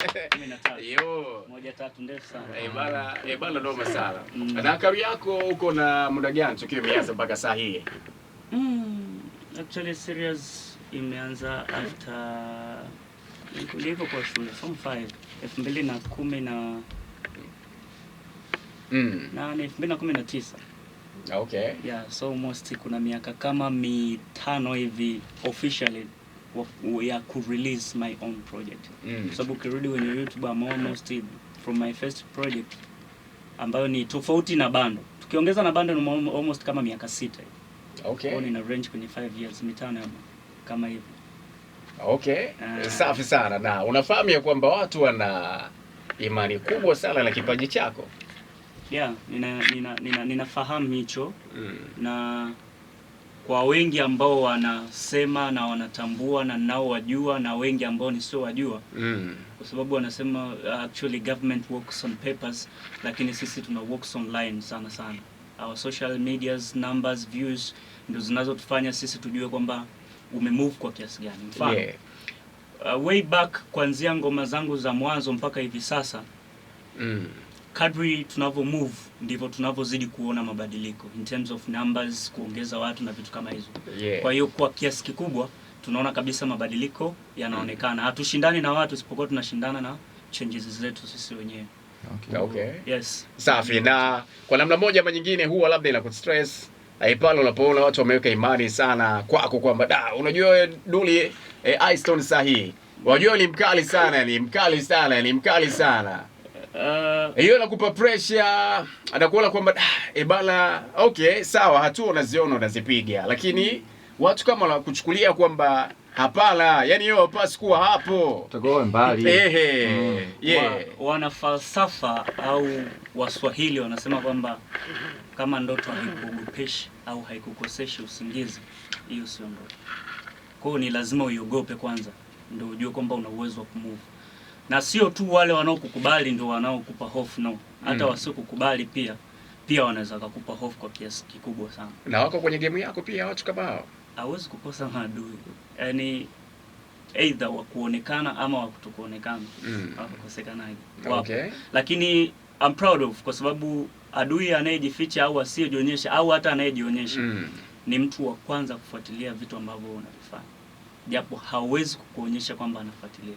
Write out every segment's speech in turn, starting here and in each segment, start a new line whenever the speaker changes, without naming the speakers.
Bana eh, eh,
ndo mm. Na kawi yako uko na muda gani tukio imeanza mpaka saa hii?
Mm, actually imeanza after kwa shule form 5 elfu mbili na kumi na mm. elfu mbili na kumi na tisa. Okay. Yeah, so almost kuna miaka kama mitano hivi officially ya ku release my own project mm. Sababu so, ukirudi kwenye YouTube I'm almost from my first project ambayo ni tofauti na bando, tukiongeza na bando ni almost kama miaka sita hivi okay. Kwa nina range kwenye 5 years mitano kama hivyo
okay. Uh, safi sana na unafahamu ya kwamba watu wana imani kubwa sana na kipaji chako
yeah, nina nina ninafahamu nina hicho mm. na kwa wengi ambao wanasema na wanatambua na nao wajua na wengi ambao ni sio wajua mm. Kwa sababu wanasema uh, actually government works on papers, lakini sisi tuna works online sana sana. Our social medias, numbers, views ndio zinazotufanya sisi tujue kwamba umemove kwa kiasi gani. Mfano yeah. Uh, way back kuanzia ngoma zangu za mwanzo mpaka hivi sasa mm kadri tunavyo move ndivyo tunavyozidi kuona mabadiliko in terms of numbers, kuongeza watu na vitu kama hizo yeah. Kwa hiyo kwa kiasi kikubwa tunaona kabisa mabadiliko yanaonekana. Hatushindani na watu isipokuwa tunashindana na changes zetu sisi wenyewe.
Okay. Okay. Yes. Safi. Na kwa namna moja ama nyingine huwa labda ina kustress eh, pale unapoona watu wameweka imani sana kwako kwamba da, unajua wewe Duli eh, Ice Stone sahihi, unajua ni mkali sana, ni mkali sana, ni mkali sana Eh, hiyo uh, nakupa pressure, anakuona kwamba ah, ebala eh, okay sawa, hatua unaziona unazipiga, lakini watu kama wanakuchukulia kwamba hapana, yani hiyo hapasi kuwa hapo, mbali mm.
yeah. Wa, wana falsafa au Waswahili wanasema kwamba kama ndoto haikuogopeshi au haikukoseshi usingizi, hiyo sio ndoto. Kwa ni lazima uiogope kwanza ndo ujue kwamba una uwezo wa na sio tu wale wanaokukubali ndio wanaokupa hofu no, hata mm. wasiokukubali pia pia wanaweza kukupa hofu kwa kiasi kikubwa sana,
na wako kwenye game yako pia. Watu kama hao
hawezi kukosa maadui, yani either wa kuonekana ama wa kutokuonekana mm. wakosekanaje wapo okay. Lakini I'm proud of kwa sababu adui anayejificha au asiyejionyesha au hata anayejionyesha mm. ni mtu wa kwanza kufuatilia vitu ambavyo unavifanya, japo hawezi kukuonyesha kwamba anafuatilia.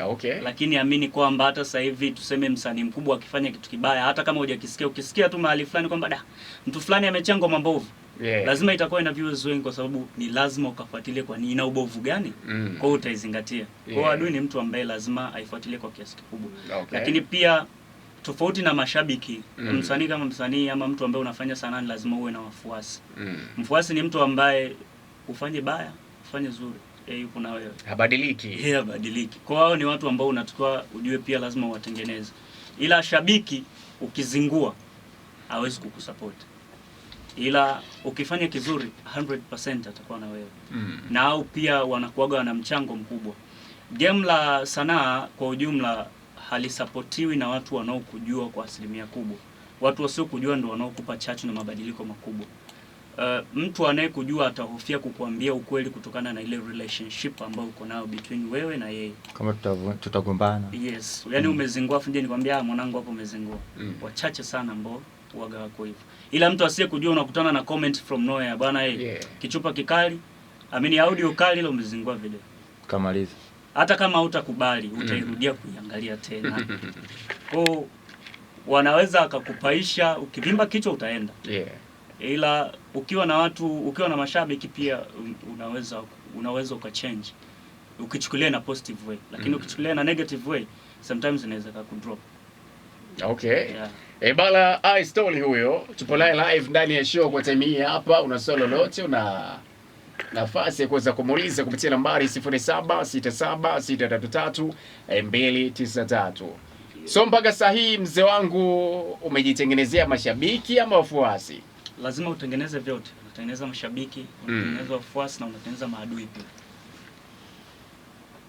Ah, okay. Lakini amini kwamba hata sasa hivi tuseme msanii mkubwa akifanya kitu kibaya hata kama hujakisikia ukisikia tu mahali fulani kwamba da mtu fulani amechangwa mambo ovu Yeah. Lazima itakuwa ina viewers wengi kwa sababu ni lazima ukafuatilie kwa nini ina ubovu gani? Mm. Kwa hiyo utaizingatia. Yeah. Kwa hiyo adui ni mtu ambaye lazima aifuatilie kwa kiasi kikubwa. Okay. Lakini pia tofauti na mashabiki mm. Msanii kama msanii ama mtu ambaye unafanya sanaa lazima uwe na wafuasi. Mm. Mfuasi ni mtu ambaye ufanye baya, ufanye zuri yeye yupo na wewe,
habadiliki yeye,
yeah, habadiliki. Kwa hiyo ni watu ambao unatakiwa ujue pia lazima uwatengeneze, ila shabiki ukizingua hawezi kukusupport, ila ukifanya kizuri 100% atakuwa na wewe mm. na au pia wanakuaga wana mchango mkubwa. Game la sanaa kwa ujumla halisapotiwi na watu wanaokujua kwa asilimia kubwa. Watu wasiokujua ndio wanaokupa chachu na mabadiliko makubwa. Uh, mtu anayekujua atahofia kukuambia ukweli kutokana na ile relationship ambayo uko nayo between wewe na yeye,
kama tutagombana.
Yes, yani mm. Umezingua fundi, nikwambia, ah, mwanangu hapo umezingua. mm. Wachache sana ambao waga wako hivyo, ila mtu asiye kujua unakutana na comment from nowhere bwana yeye yeah. Kichupa kikali, amini audio kali, ile umezingua video kamaliza, hata kama hutakubali mm. utairudia mm. kuiangalia tena kwa wanaweza akakupaisha, ukivimba kichwa utaenda yeah. ila ukiwa na watu, ukiwa na mashabiki pia um, unaweza unaweza ukachange ukichukulia na positive way, lakini mm. ukichukulia na negative way sometimes inaweza kudrop.
Okay. Yeah. Ebala eh, I stole huyo tupo naye live ndani ya show kwa time hii hapa, una swali lolote una nafasi ya kuweza kumuuliza kupitia nambari 0767633293. Eh, so mpaka saa hii mzee wangu umejitengenezea mashabiki ama wafuasi?
lazima utengeneze vyote, unatengeneza mashabiki, mm. unatengeneza wafuasi na unatengeneza maadui pia.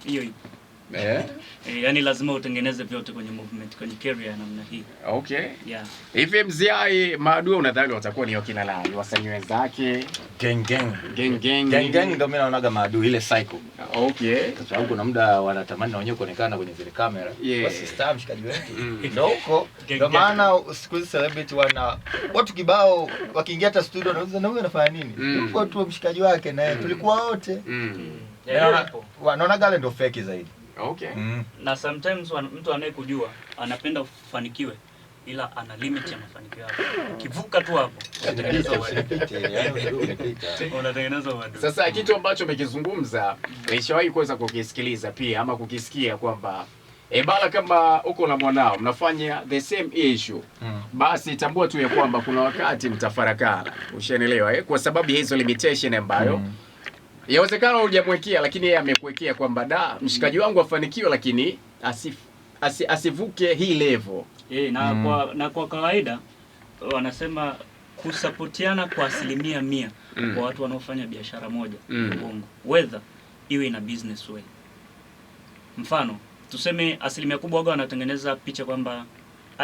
Hiyo ipo. Yeah. E, yani lazima utengeneze vyote kwenye movement, kwenye career namna hii. Okay. Yeah.
Hivi mziai maadui unadhani watakuwa ni wakina nani? Wasanii wenzake? Gang gang. Gang gang.
Gang gang ndio mimi naonaga maadui ile cycle. Okay. Kwa sababu kuna muda wanatamani na wenyewe kuonekana kwenye zile kamera. Yeah. Basi star mshikaji wetu. Mm. Ndio huko. Ndio maana siku hizi celebrity wana watu kibao wakiingia hata studio na wewe unafanya nini? Yuko mm. tu mshikaji wake na yeye mm. tulikuwa wote. Mm. Naona gale ndio fake zaidi. Okay. Mm. Na sometimes wan, mtu anayekujua anapenda ufanikiwe ila ana limit ya mafanikio yake. Kivuka tu hapo unatengeneza wadudu. Unatengeneza wadudu.
Sasa mm. kitu ambacho umekizungumza mm. nishawahi kuweza kukisikiliza pia ama kukisikia kwamba E bala, kama uko na mwanao mnafanya the same issue mm. Basi tambua tu ya kwamba kuna wakati mtafarakana, ushanielewa eh? Kwa sababu ya hizo limitation ambayo mm. Yawezekana hujamwekea lakini yeye amekuwekea kwamba da mshikaji wangu afanikiwe lakini asif, asi, asivuke hii levo
E, eh, na, mm. kwa, na kwa kawaida wanasema kusapotiana kwa asilimia mia mm. kwa watu wanaofanya biashara moja mm. Ubongo whether iwe ina business way. Mfano tuseme asilimia kubwa waga wanatengeneza picha kwamba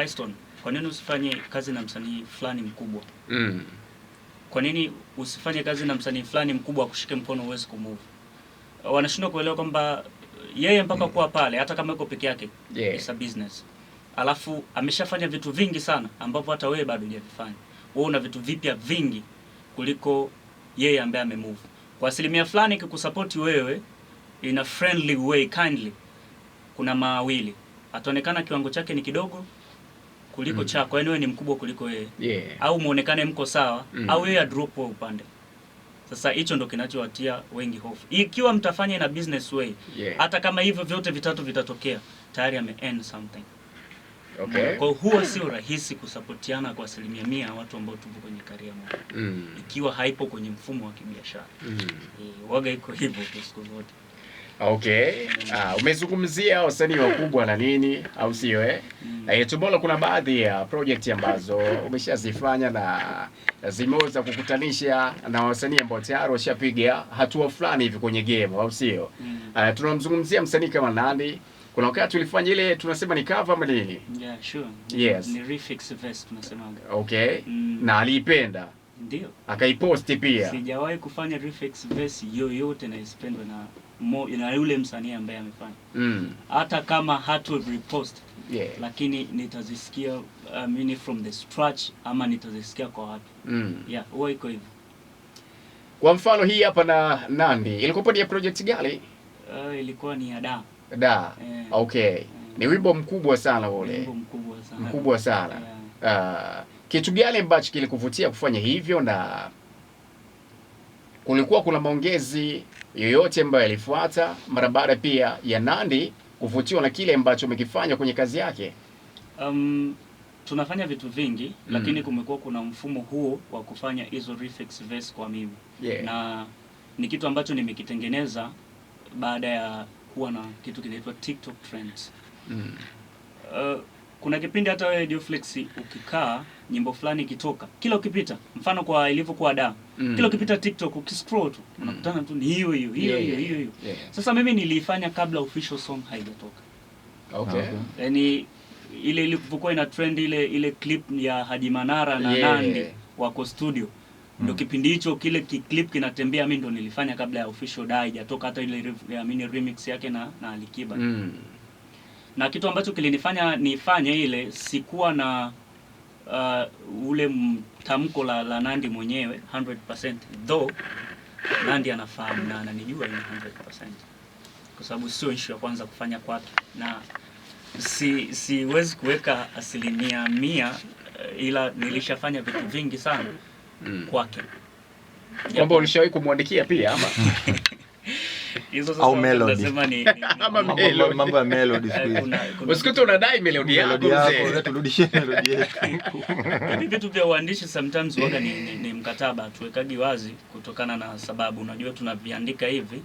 Iston, kwa nini usifanye kazi na msanii fulani mkubwa mm. Kwa nini usifanye kazi na msanii fulani mkubwa akushike mkono uweze kumove? Wanashindwa kuelewa kwamba yeye mpaka mm. kuwa pale, hata kama yuko peke yake yeah. It's a business. Alafu ameshafanya vitu vingi sana ambavyo hata wewe bado hujavifanya. Wewe una vitu vipya vingi kuliko yeye ambaye amemove. Kwa asilimia fulani ikikusupport wewe in a friendly way kindly, kuna mawili, ataonekana kiwango chake ni kidogo kuliko mm. chako, yani wewe ni mkubwa kuliko yeye yeah. au muonekane mko sawa mm. au yeye drop wa upande. Sasa hicho ndo kinachowatia wengi hofu, ikiwa mtafanya na business way hata yeah. kama hivyo vyote vitatu vitatokea, tayari ame end something Okay. Kwa huwa sio rahisi kusapotiana kwa asilimia mia watu ambao tupo kwenye karia moja mm. ikiwa haipo kwenye mfumo wa kibiashara mm. E, waga iko hivyo siku zote.
Okay. Uh, umezungumzia wasanii wakubwa na nini au sio eh? Mm. Eh, Tumeona kuna baadhi ya project ambazo umeshazifanya na zimeweza kukutanisha na wasanii ambao tayari washapiga hatua fulani hivi kwenye game au sio? Mm. Uh, tunamzungumzia msanii kama nani? Kuna wakati tulifanya ile tunasema ni cover ama nini? Yeah, sure. Yes. Ni
refix verse tunasemaga.
Okay. Mm. Na aliipenda. Ndio. Akaiposti pia.
Sijawahi kufanya refix verse yoyote na isipendwe na mmoja na yule msanii ambaye amefanya hata mm. hata kama hatu repost yeah. Lakini nitazisikia uh, mini from the scratch ama nitazisikia kwa watu mm. yeah, huwa iko hivyo.
Kwa mfano hii hapa na Nandi ilikuwa ni ya project gani?
Uh, ilikuwa ni ya da
da yeah. Okay yeah. Ni wimbo mkubwa sana ule,
wimbo mkubwa sana,
mkubwa sana. Yeah. Uh, kitu gani ambacho kilikuvutia kufanya hivyo na kulikuwa kuna maongezi yoyote ambayo yalifuata mara baada pia ya nandi kuvutiwa na kile ambacho umekifanya kwenye kazi yake?
Um, tunafanya vitu vingi mm, lakini kumekuwa kuna mfumo huo wa kufanya hizo reflex verse kwa mimi yeah, na ni kitu ambacho nimekitengeneza baada ya kuwa na kitu kinaitwa TikTok trends mm. Uh, kuna kipindi hata wewe Dioflex ukikaa nyimbo fulani ikitoka, kila ukipita, mfano kwa ilivyokuwa da mm. kila ukipita TikTok ukiscroll tu unakutana mm. tu ni hiyo hiyo hiyo hiyo hiyo yeah, yeah. Sasa mimi niliifanya kabla official song haijatoka,
okay, ah, okay.
Yani ile ilivyokuwa ina trend ile ile clip ya Haji Manara na yeah. Nandi yeah. wako studio mm. ndio Kipindi hicho kile clip kinatembea, mimi ndo nilifanya kabla ya official da haijatoka, hata ile ya mini remix yake na na Alikiba mm. na kitu ambacho kilinifanya nifanye ile, sikuwa na uh, ule tamko la, la Nandi mwenyewe 100% though Nandi anafahamu na ananijua 100% kwa sababu sio issue ya kwanza kufanya kwake, na si siwezi kuweka asilimia mia, uh, ila nilishafanya vitu vingi sana mm. kwake.
Kwamba ulishawahi kumwandikia pia ama? au sasa
mambo ya melody.
Usikute unadai melody
yako mzee,
turudishie melody yetu.
Hivi vitu vya uandishi sometimes waga ni, ni, ni mkataba tuwekagi wazi kutokana na sababu, unajua tunaviandika hivi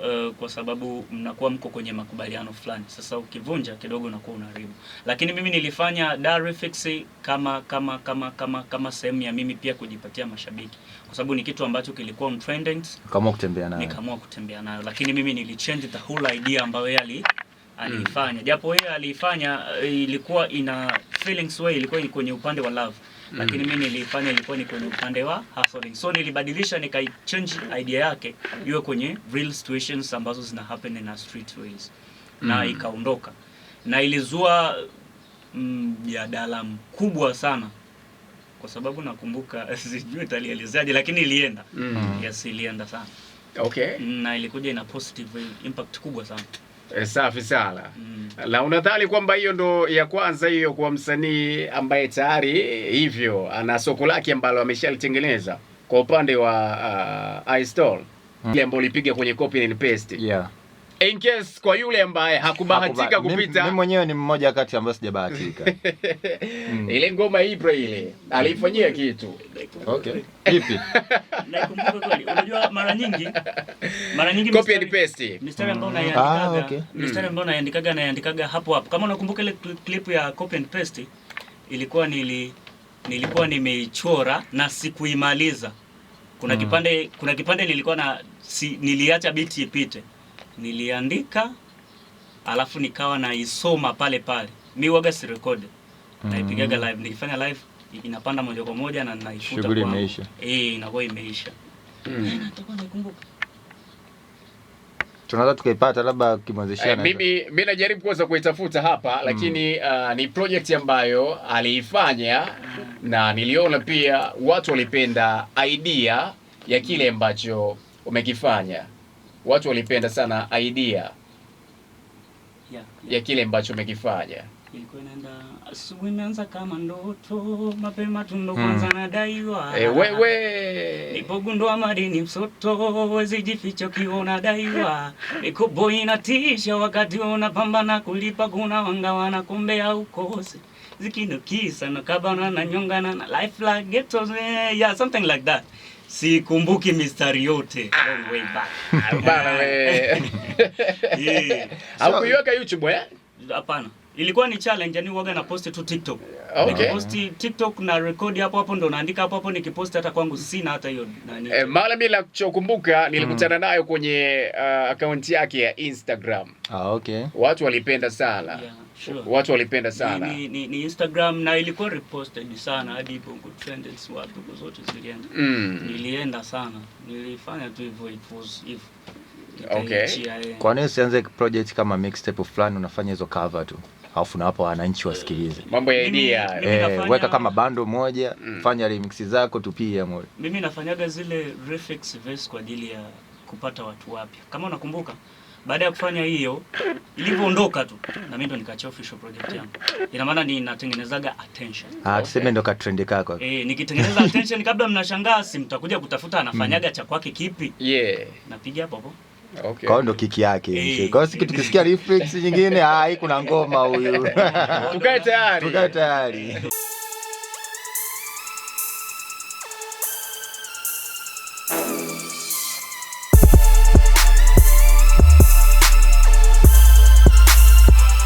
uh, kwa sababu mnakuwa mko kwenye makubaliano fulani. Sasa ukivunja kidogo unakuwa unaribu lakini mimi nilifanya Darifix kama kama kama kama kama sehemu ya mimi pia kujipatia mashabiki, kwa sababu ni kitu ambacho kilikuwa trending,
kama kutembea nayo,
nikaamua kutembea nayo, lakini mimi nilichange the whole idea ambayo yeye ali aliifanya, mm. japo yeye aliifanya eh, ilikuwa ina feelings way, ilikuwa kwenye upande wa love lakini mm. mimi nilifanya ilikuwa ni kwenye upande wa hustling, so nilibadilisha nikai change idea yake iwe kwenye real situations ambazo zina happen na streetways na mm. ikaondoka na ilizua mm, mjadala mm, mkubwa sana kwa sababu nakumbuka sijui italielezaje lakini ilienda mm. yes, ilienda sana okay. na ilikuja ina positive impact kubwa sana.
E, safi sana mm. Na unadhani kwamba hiyo ndo ya kwanza hiyo kwa msanii ambaye tayari hivyo ana soko lake ambalo ameshalitengeneza kwa upande wa uh, iStore mm. ile ambayo ulipiga kwenye copy and paste. Yeah in case kwa yule ambaye hakubahatika kupita,
mimi mwenyewe ni mmoja kati ambao sijabahatika.
mm. ile ngoma ipo ile alifanyia kitu okay,
ipi? Naikumbuka kweli. Unajua, mara nyingi
mara nyingi copy and paste
mistari ambayo hmm. naiandikaga, ah, hmm. mistari ambayo naiandikaga naiandikaga hapo hapo. Kama unakumbuka ile clip ya copy and paste, ilikuwa nili nilikuwa nimeichora na sikuimaliza. Kuna mm. kipande kuna kipande nilikuwa na si, niliacha biti ipite niliandika alafu nikawa naisoma pale pale. Mi waga si record mm. naipigaga live, nikifanya live inapanda moja kwa moja na naifuta, kwa shughuli imeisha eh, inakuwa imeisha mm.
tunaweza tukaipata labda kimwanzishia. Eh, mimi mimi najaribu kwanza kuitafuta hapa mm. lakini uh, ni project ambayo aliifanya na niliona pia watu walipenda idea ya kile ambacho umekifanya watu walipenda sana idea ya, ya kile ambacho umekifanya.
Asubuhi kama ndoto, mapema hmm. kwanza nadaiwa.
wewe. Eh,
Nipogundua madini msoto, wezi jificho inatisha wakati unapambana kulipa kuna wanga wanakombea Zikinukisa na life like eh, yeah, something like that sikumbuki mistari yote ah.
eh. Haukuiweka YouTube eh?
Hapana. Ilikuwa ni challenge yani uoga na post tu TikTok. Okay. Posti TikTok na record hapo hapo ndo naandika hapo hapo nikipost hata kwangu sina hata hiyo
nani. Eh, mara bila kuchokumbuka nilikutana mm. nayo kwenye uh, account yake ya Instagram. Ah, okay. Watu walipenda sana. Yeah sure. Watu walipenda sana ni,
ni, ni Instagram na ilikuwa reposted sana hadi ipo trends watu zote zilienda mm. Nilienda sana nilifanya tu hivyo it was if Okay. Kwa nini usianze project kama mixtape fulani unafanya hizo cover tu alafu na hapo wananchi eh, wasikilize
mambo ya idea
eh, nafanya... weka kama bando moja mm. fanya remix zako tu pia moja. Mimi nafanyaga zile refix verse kwa ajili ya kupata watu wapya kama unakumbuka baada ya kufanya hiyo, ilivyoondoka tu na mimi ndo nikaacha official project yangu. Ina maana ninatengenezaga attention.
Ah, tuseme ndo katrend trend kako.
Eh, nikitengeneza attention kabla mnashangaa si mtakuja kutafuta anafanyaga cha kwake kipi? Yeah. Napiga hapo hapo. Okay. Kwa ndo kiki yake. Eh. Kwa hiyo tukisikia reflex nyingine, ah, kuna ngoma huyu.
Tukae tayari.
Tukae tayari.